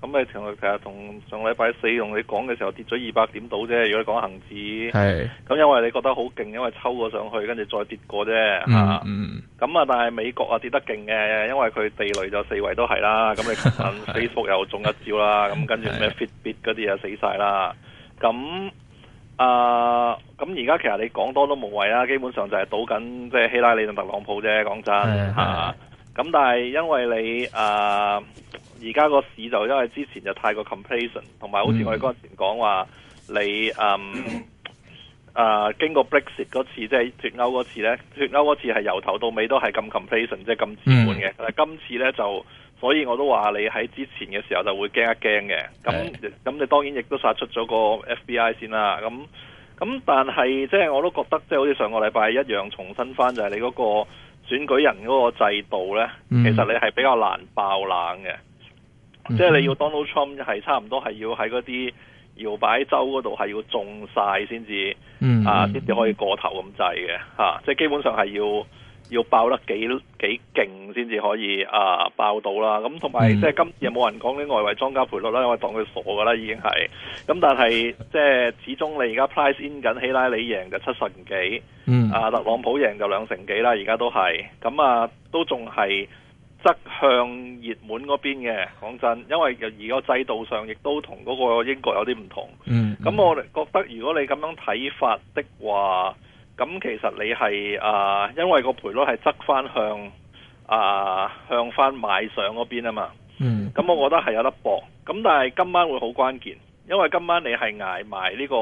咁你其實同上禮拜四同你講嘅時候跌咗二百點到啫。如果你講恒指，咁因為你覺得好勁，因為抽咗上去，跟住再跌過啫咁、嗯、啊，嗯、但係美國啊跌得勁嘅，因為佢地雷就四圍都係啦。咁 你其實 Facebook 又中一招啦。咁 跟住咩 Fitbit 嗰啲嘢死晒啦。咁啊，咁而家其實你講多都無謂啦。基本上就係賭緊即係希拉里同特朗普啫。講真咁、啊、但係因為你啊。而家個市就因為之前就太過 completion，同、嗯、埋好似我哋嗰陣時講話，你誒誒、嗯嗯呃、經過 Brexit 嗰次，即係脫歐嗰次咧，脫歐嗰次係由頭到尾都係咁 completion，即係咁資本嘅。但係今次咧就，所以我都話你喺之前嘅時候就會驚一驚嘅。咁、嗯、咁、嗯、你當然亦都殺出咗個 FBI 先啦。咁咁但係即係我都覺得即係、就是、好似上個禮拜一樣，重申翻就係你嗰個選舉人嗰個制度咧，其實你係比較難爆冷嘅。嗯嗯。嗯、即係你要 Donald Trump 係差唔多係要喺嗰啲搖擺州嗰度係要中晒先至，啊先至可以過頭咁滯嘅，嚇、啊！即係基本上係要要爆得幾幾勁先至可以啊爆到啦。咁同埋即係今日冇人講啲外圍莊家賠率啦，我當佢傻噶啦已經係。咁、嗯、但係即係始終你而家 price in 緊希拉里贏就七成幾、嗯，啊特朗普贏就兩成幾啦，而家都係咁啊，都仲係。側向熱門嗰邊嘅，講真，因為而個制度上亦都同嗰個英國有啲唔同。咁、嗯嗯、我哋覺得如果你咁樣睇法的話，咁其實你係啊，因為個賠率係側翻向啊，向翻買上嗰邊啊嘛。咁、嗯、我覺得係有得搏。咁但係今晚會好關鍵，因為今晚你係捱埋呢個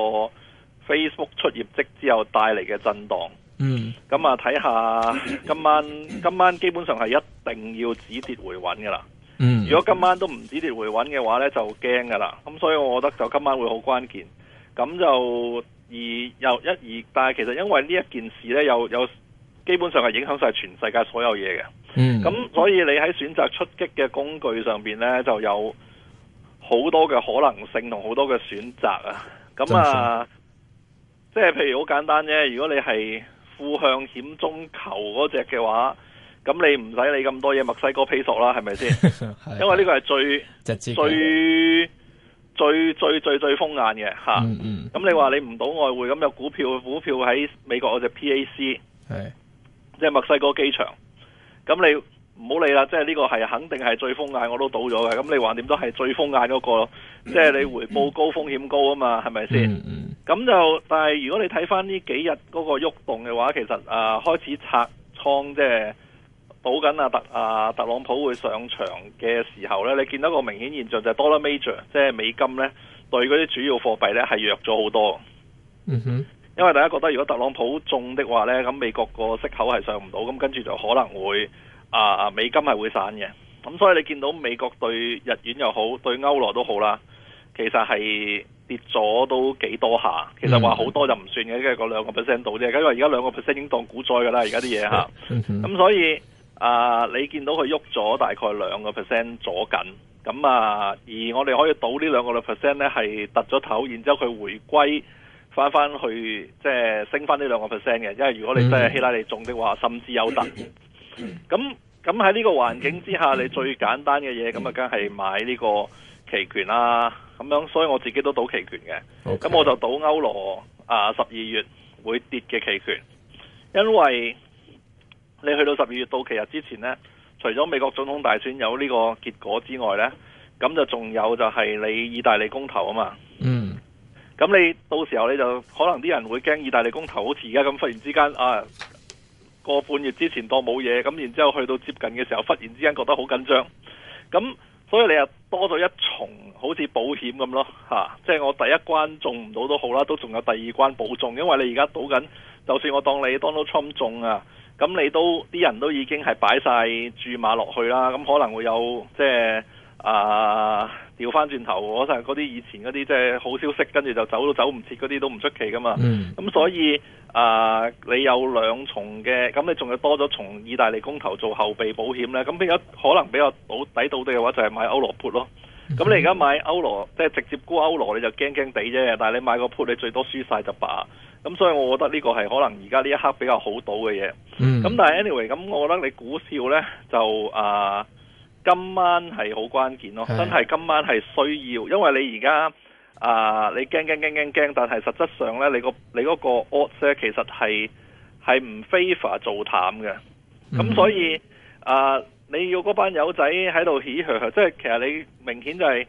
Facebook 出業績之後帶嚟嘅震盪。咁、嗯、啊，睇下今晚、嗯，今晚基本上係一，一定要止跌回穩噶啦，如果今晚都唔止跌回穩嘅話咧，就驚噶啦。咁、嗯、所以我覺得就今晚會好關鍵。咁就而又一而，但係其實因為呢一件事咧，又又基本上係影響晒全世界所有嘢嘅。嗯，咁所以你喺選擇出擊嘅工具上邊咧，就有好多嘅可能性同好多嘅選擇啊。咁啊，即係譬如好簡單啫，如果你係負向險中求嗰隻嘅話。咁你唔使理咁多嘢，墨西哥披索啦，係咪先？ 因為呢個係最 最 最 最最最風眼嘅嚇。咁、 嗯嗯、你話你唔賭外匯，咁有股票，股票喺美國我就是、PAC，係即係墨西哥機場。咁、嗯、你唔好理啦，即係呢個係肯定係最風眼，我都賭咗嘅。咁你話點都係最風眼嗰、那、囉、個，即、嗯、係、就是、你回報高，風險高啊嘛，係咪先？咁、嗯嗯、就但係如果你睇翻呢幾日嗰個喐動嘅話，其實、啊、開始拆倉，即、就、係、是。賭緊特、啊、特朗普會上場嘅時候咧，你見到個明顯現象就係 Dollar major，即係美金咧對嗰啲主要貨幣咧係弱咗好多。嗯哼，因為大家覺得如果特朗普中的話咧，咁美國個息口係上唔到，咁跟住就可能會啊美金係會散嘅。咁所以你見到美國對日元又好，對歐羅都好啦，其實係跌咗都幾多下。其實話好多就唔算嘅，即係嗰兩個 percent 到啫。因為而家兩個 percent 已經當股災噶啦，而家啲嘢吓。咁、嗯、所以。啊！你見到佢喐咗大概兩個 percent 左緊，咁啊，而我哋可以賭呢兩個 percent 咧，係突咗頭，然之後佢回歸翻翻去，即係升翻呢兩個 percent 嘅。因為如果你真係希拉里中嘅話，mm-hmm. 甚至有得。咁咁喺呢個環境之下，mm-hmm. 你最簡單嘅嘢，咁啊，梗係買呢個期權啦。咁樣，所以我自己都賭期權嘅。咁、okay. 我就賭歐羅啊，十二月會跌嘅期權，因為。你去到十二月到期日之前呢，除咗美國總統大選有呢個結果之外呢，咁就仲有就係你意大利公投啊嘛。嗯。咁你到時候你就可能啲人會驚意大利公投好似而家咁忽然之間啊，個半月之前當冇嘢，咁然之後去到接近嘅時候忽然之間覺得好緊張。咁所以你又多咗一重好似保險咁咯，吓，即係我第一關中唔到都好啦，都仲有第二關保中，因為你而家賭緊，就算我當你 Donald Trump 中啊。咁你都啲人都已經係擺晒注碼落去啦，咁可能會有即係啊調翻轉頭嗰陣嗰啲以前嗰啲即係好消息，跟住就走，走都走唔切嗰啲都唔出奇噶嘛。咁、嗯、所以啊，你有兩重嘅，咁你仲要多咗重意大利公投做後備保險咧。咁比較可能比較抵到倒地嘅話就羅羅，就係買歐羅盤咯。咁你而家買歐羅，即係直接沽歐羅你就驚驚地啫。但你買個盤，你最多輸晒就罷。咁、嗯、所以我覺得呢個係可能而家呢一刻比較好賭嘅嘢。咁、mm-hmm. 但係 anyway，咁我覺得你股票咧就啊、呃，今晚係好關鍵咯，的真係今晚係需要，因為你而家啊你驚驚驚驚驚，但係實質上咧你、那個你嗰個 otc 其實係係唔非法做淡嘅。咁、mm-hmm. 嗯、所以啊、呃，你要嗰班友仔喺度嘻呵呵，即係其實你明顯就係。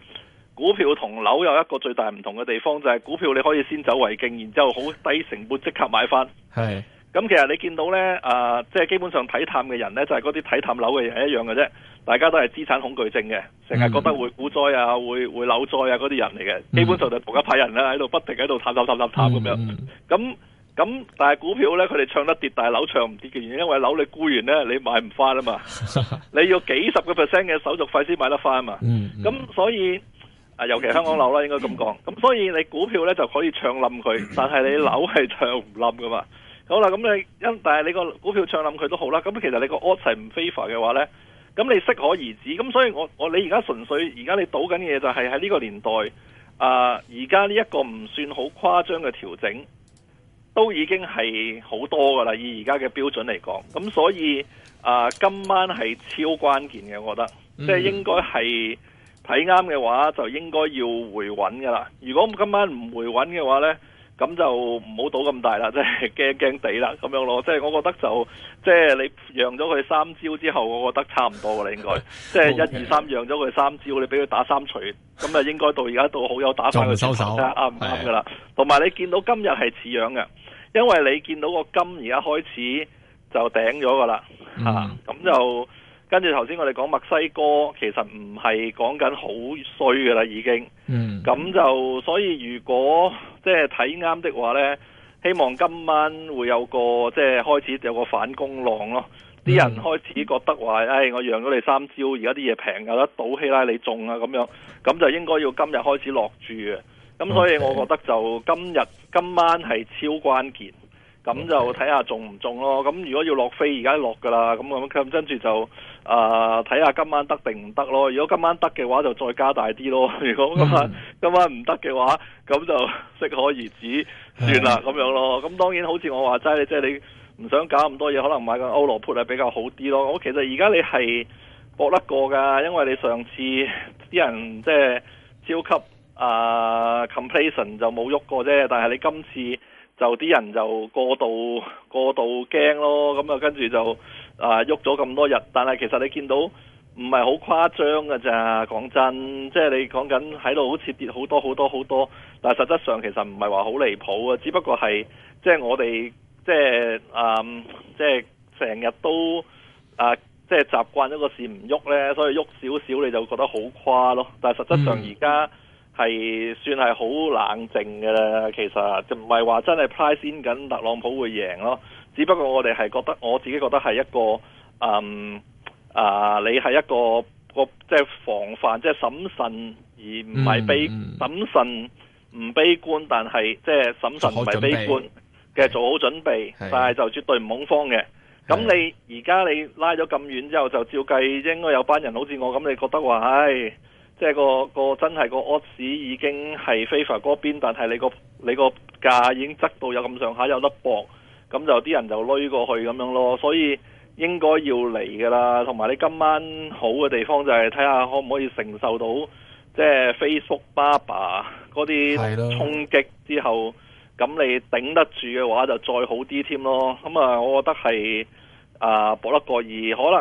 股票同樓有一個最大唔同嘅地方就係、是、股票你可以先走為敬，然之後好低成本即刻買翻。係咁，其實你見到咧，誒、呃，即係基本上睇淡嘅人咧，就係嗰啲睇淡樓嘅人係一樣嘅啫。大家都係資產恐懼症嘅，成日覺得會股災啊，會會樓災啊嗰啲人嚟嘅、嗯。基本上就同一批人啦，喺度不停喺度探探探探探咁樣。咁、嗯、咁、嗯，但係股票咧，佢哋唱得跌，但係樓唱唔跌嘅原因，因為樓你沽完咧，你買唔翻啊嘛。 你要幾十個 percent 嘅手續費先買得翻嘛。咁、嗯嗯、所以。啊，尤其香港樓啦，應該咁講。咁所以你股票呢就可以唱冧佢，但係你樓係唱唔冧噶嘛？好啦，咁你因但係你個股票唱冧佢都好啦。咁其實你個 ot 係唔 fair 嘅話呢，咁你適可而止。咁所以我我你而家純粹而家你賭緊嘅嘢就係喺呢個年代啊，而家呢一個唔算好誇張嘅調整，都已經係好多噶啦，以而家嘅標準嚟講。咁所以啊，今晚係超關鍵嘅，我覺得即係應該係。嗯睇啱嘅話，就應該要回穩㗎啦。如果今晚唔回穩嘅話呢，咁就唔好賭咁大啦，即係驚驚地啦，咁樣咯。即係我覺得就即係你讓咗佢三招之後，我覺得差唔多啦，應該即係一二三讓咗佢三招，你俾佢打三除，咁啊應該到而家到好有打翻嘅時候啦，啱唔啱噶啦？同埋你見到今日係似樣嘅，因為你見到個金而家開始就頂咗㗎啦，嚇，嗯，咁，啊，就。跟住頭先我哋講墨西哥，其實唔係講緊好衰嘅啦，已經。嗯。咁就所以如果即係睇啱嘅話呢，希望今晚會有個即係、就是、開始有個反攻浪咯。啲、嗯、人開始覺得話，誒、哎、我讓咗你三招，而家啲嘢平㗎，得到希拉里中啊咁樣，咁就應該要今日開始落注嘅。咁、okay. 所以我覺得就今日今晚係超關鍵，咁就睇下中唔中咯。咁、okay. 如果要落飛，而家落㗎啦。咁咁跟住就。啊、呃！睇下今晚得定唔得咯？如果今晚得嘅話，就再加大啲咯；如果今晚、mm. 今晚唔得嘅話，咁就適可而止、mm. 算啦，咁樣咯。咁當然，好似我話齋你即係你唔想搞咁多嘢，可能買個歐羅盤係比較好啲咯。我其實而家你係搏得過㗎，因為你上次啲人即係超級啊、呃、completion 就冇喐過啫，但係你今次就啲人就過度過度驚咯，咁啊跟住就。啊，喐咗咁多日，但係其實你見到唔係好誇張㗎咋，講真，即係你講緊喺度好似跌好多好多好多，但係實質上其實唔係話好離譜啊。只不過係即係我哋即係啊，即係成日都啊，即係習慣咗個市唔喐咧，所以喐少少你就覺得好誇咯，但係實質上而家，嗯係算係好冷靜嘅啦，其實就唔係話真係 price in 緊特朗普會贏咯。只不過我哋係覺得，我自己覺得係一個嗯啊，你係一個一個即係、就是、防範，即、就、係、是、審慎而不是悲，而唔係悲審慎唔悲觀，但係即係審慎唔係悲觀嘅做好準備，就是、準備是但係就絕對唔恐慌嘅。咁你而家你拉咗咁遠之後，就照計應該有班人好似我咁，你覺得話唉？哎即係個個真係個 odds 已經係 favour 嗰邊，但係你個你個價已經執到有咁上下，有得搏，咁就啲人就濾過去咁樣咯。所以應該要嚟㗎啦。同埋你今晚好嘅地方就係睇下可唔可以承受到即係 Facebook、BABA 嗰啲衝擊之後，咁你頂得住嘅話，就再好啲添咯。咁、嗯、啊，我覺得係啊、呃，博得過二可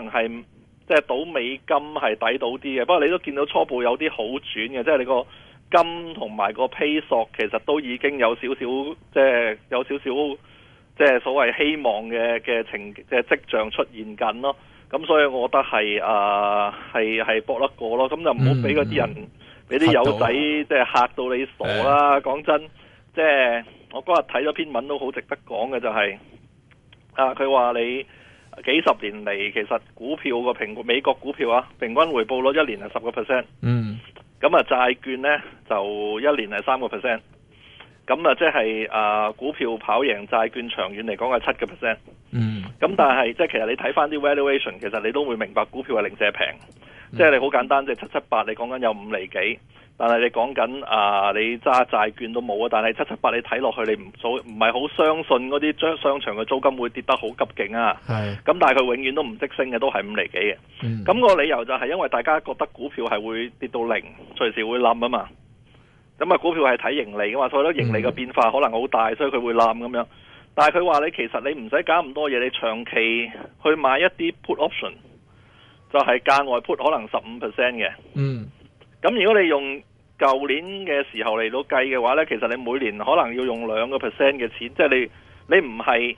能係。即係倒美金係抵到啲嘅，不過你都見到初步有啲好轉嘅，即係你個金同埋個披索其實都已經有少少，即係有少少，即係所謂希望嘅嘅情嘅跡象出現緊咯。咁所以我覺得係啊，係係搏得過咯。咁就唔好俾嗰啲人俾啲友仔即係嚇到你傻啦。講、嗯、真，即係我嗰日睇咗篇文都好值得講嘅，就係、係、啊，佢話你。幾十年嚟，其實股票個平美國股票啊，平均回報率一年係十個 percent。嗯，咁啊債券呢就一年係三個 percent。咁啊即係啊股票跑贏債券，長遠嚟講係七個 percent。嗯，咁但係即係其實你睇返啲 valuation，其實你都會明白股票係零舍平。嗯、即係你好簡單，即係七七八，你講緊有五厘幾，但係你講緊啊，你揸債券都冇啊，但係七七八你睇落去，你唔係唔係好相信嗰啲商場場嘅租金會跌得好急勁啊。咁但係佢永遠都唔識升嘅，都係五厘幾嘅。咁、嗯嗰個理由就係因為大家覺得股票係會跌到零，隨時會冧啊嘛。咁啊，股票係睇盈利噶嘛，所以盈利嘅變化可能好大，所以佢會冧咁樣。嗯、但係佢話你其實你唔使搞咁多嘢，你長期去買一啲 put option。就係、是、價外 put 可能十五 percent 嘅，嗯，咁如果你用舊年嘅時候嚟到計嘅話呢，其實你每年可能要用兩個 percent 嘅錢，即係你你唔係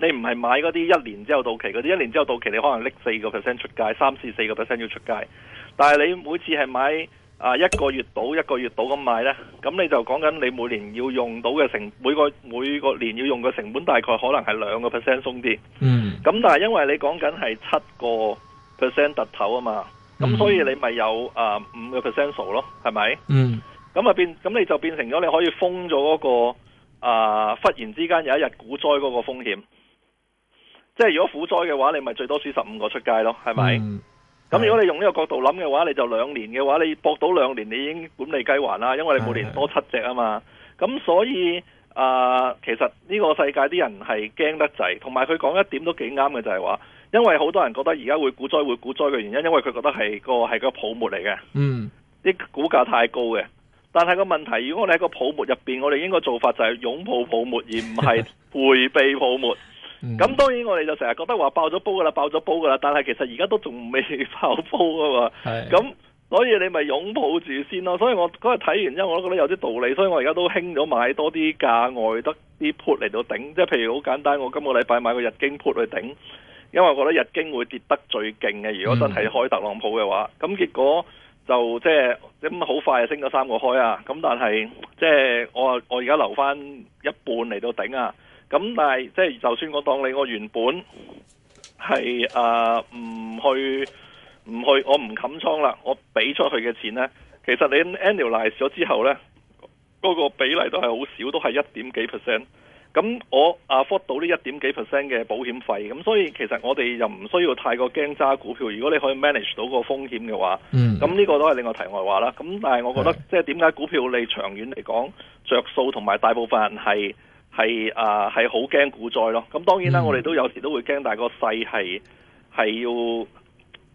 你唔係買嗰啲一年之後到期嗰啲，那些一年之後到期你可能拎四個 percent 出街，三至四個 percent 要出街。但係你每次係買啊、呃、一個月到一個月到咁買呢，咁你就講緊你每年要用到嘅成每個每個年要用嘅成本大概可能係兩個 percent 鬆啲，嗯，咁但係因為你講緊係七個 percent 特頭啊嘛，咁所以你咪有啊五個 percent 數咯，係咪？嗯、咁、呃、啊、嗯、變，咁你就變成咗你可以封咗嗰、那個啊、呃、忽然之間有一日股災嗰個風險，即係如果股災嘅話，你咪最多輸十五個出街咯，係咪？咁、嗯、如果你用呢個角度諗嘅話，你就兩年嘅話，你博到兩年，你已經管理歸還啦，因為你每年多七隻啊嘛，咁、嗯、所以啊、呃，其實呢個世界啲人係驚得滯，同埋佢講一點都幾啱嘅就係、是、話。因為好多人覺得而家會股災會股災嘅原因，因為佢覺得係個係個泡沫嚟嘅。嗯，啲股價太高嘅。但係個問題，如果我哋喺個泡沫入邊，我哋應該做法就係擁抱泡沫， 而唔係回避泡沫。咁、嗯、當然我哋就成日覺得話爆咗煲噶啦，爆咗煲噶啦。但係其實而家都仲未爆煲啊嘛。係。咁所以你咪擁抱住先咯。所以我嗰日睇完之後，我都覺得有啲道理，所以我而家都興咗買多啲價外得啲 put 嚟到頂。即係譬如好簡單，我今個禮拜買個日經 put 去頂。因為我覺得日經會跌得最勁嘅，如果真係開特朗普嘅話，咁、嗯、結果就即係咁好快就升咗三個開啊！咁但係即係我我而家留翻一半嚟到頂啊！咁但係即係就算我當你我原本係誒唔去唔去我唔冚倉啦，我俾出去嘅錢呢，其實你 annualize 咗之後呢，嗰、那個比例都係好少，都係一點幾 percent。咁我啊 afford 到呢一點幾 percent 嘅保險費，咁所以其實我哋又唔需要太過驚揸股票。如果你可以 manage 到個風險嘅話，咁、嗯、呢個都係另外題外話啦。咁但係我覺得即係點解股票你長遠嚟講着數，同埋大部分人係係啊係好驚股災咯。咁當然啦，我哋都有時都會驚，但係個勢係係要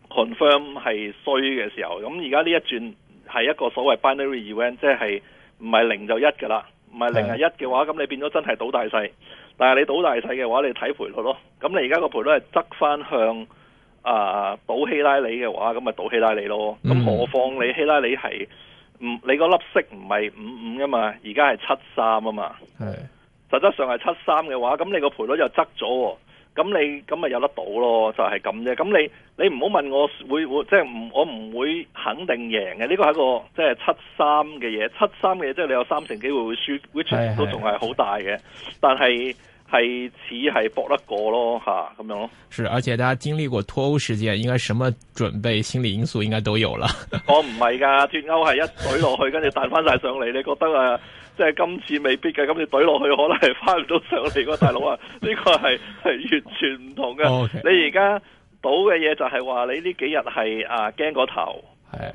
confirm 係衰嘅時候。咁而家呢一轉係一個所謂 binary event，即係唔係零就一㗎啦。唔係零零一嘅話，咁你變咗真係賭大細。但係你賭大細嘅話，你睇賠率咯。咁你而家個賠率係側翻向啊，賭、呃、希拉里嘅話，咁咪賭希拉里咯。咁何況你希拉里係唔你個粒色唔係五五噶嘛，而家係七三啊嘛。係。實質上係七三嘅話，咁你個賠率又側咗。咁你咁咪有得到咯，就係咁啫。咁你你唔好問我會會，即係唔我唔會肯定贏嘅。呢個係一個即係七三嘅嘢，七三嘅嘢即係你有三成機會會輸，which 都仲係好大嘅。但係係似係搏得過咯，吓，咁樣咯。是，是而且大家經歷過脱歐事件，應該什麼準備，心理因素應該都有啦。我唔係㗎，脱歐係、 哦、一舉落去，跟住彈翻晒上嚟， 你覺得啊？即係今次未必嘅，咁你懟落去可能係翻唔到上嚟嘅， 大佬、okay. 啊！呢個係係完全唔同嘅。你而家賭嘅嘢就係話你呢幾日係啊驚過頭，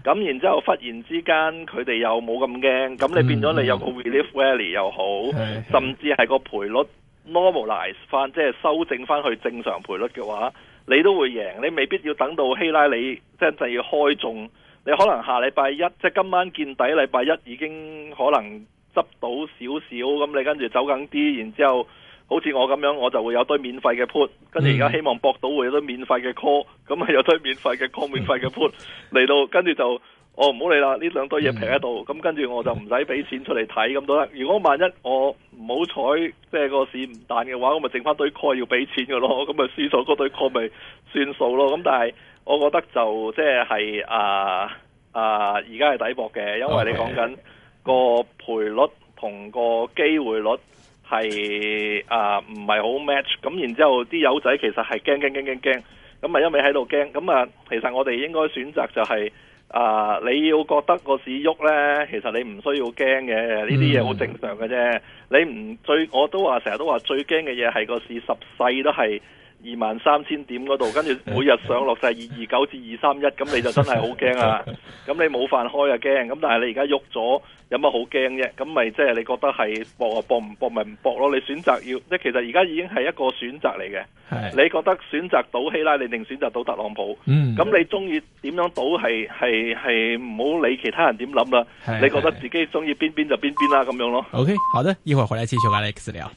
咁然之後忽然之間佢哋又冇咁驚，咁、嗯、你變咗你有個 relief rally 又好，甚至係個賠率 normalize 翻，即係修正翻去正常賠率嘅話，你都會贏。你未必要等到希拉里真係、就是、要開中，你可能下禮拜一即係今晚見底，禮拜一已經可能。執到少少咁，你跟住走緊啲，然之後好似我咁樣，我就會有堆免費嘅 put，跟住而家希望博到會有堆免費嘅 call，咁啊有堆免費嘅 call、 免費嘅 put 嚟到，跟住就，哦，我唔好理啦，呢兩堆嘢平喺度，咁 跟住我就唔使俾錢出嚟睇咁都得。如果萬一我唔好彩，即係個市唔彈嘅話，咁咪剩翻堆 call 要俾錢嘅咯，咁咪輸咗嗰堆 call 咪算數咯。咁但係我覺得就即係啊啊而家係抵博嘅，因為你講緊。Okay. 個賠率同個機會率係啊唔係好 match，咁然之後啲友仔其實係驚驚驚驚驚，咁啊一味喺度驚，咁啊其實我哋應該選擇就係啊你要覺得個市喐呢，其實你唔需要驚嘅，呢啲嘢好正常嘅啫。嗯。你唔最我都話成日都話最驚嘅嘢係個市十世都係。二萬三千點嗰度，跟住每日上落就係二二九至二三一，咁你就真係好驚啊！咁 你冇飯開啊驚，咁但係你而家喐咗有乜好驚啫？咁咪即係你覺得係搏啊搏唔搏咪唔搏咯？你選擇要即係其實而家已經係一個選擇嚟嘅。你覺得選擇到希拉里定選擇到特朗普？咁、嗯、你中意點樣賭係係係唔好理其他人點諗啦。你覺得自己中意邊邊就邊邊啦咁樣咯。OK，好的，一會回來繼續同 Alex 聊。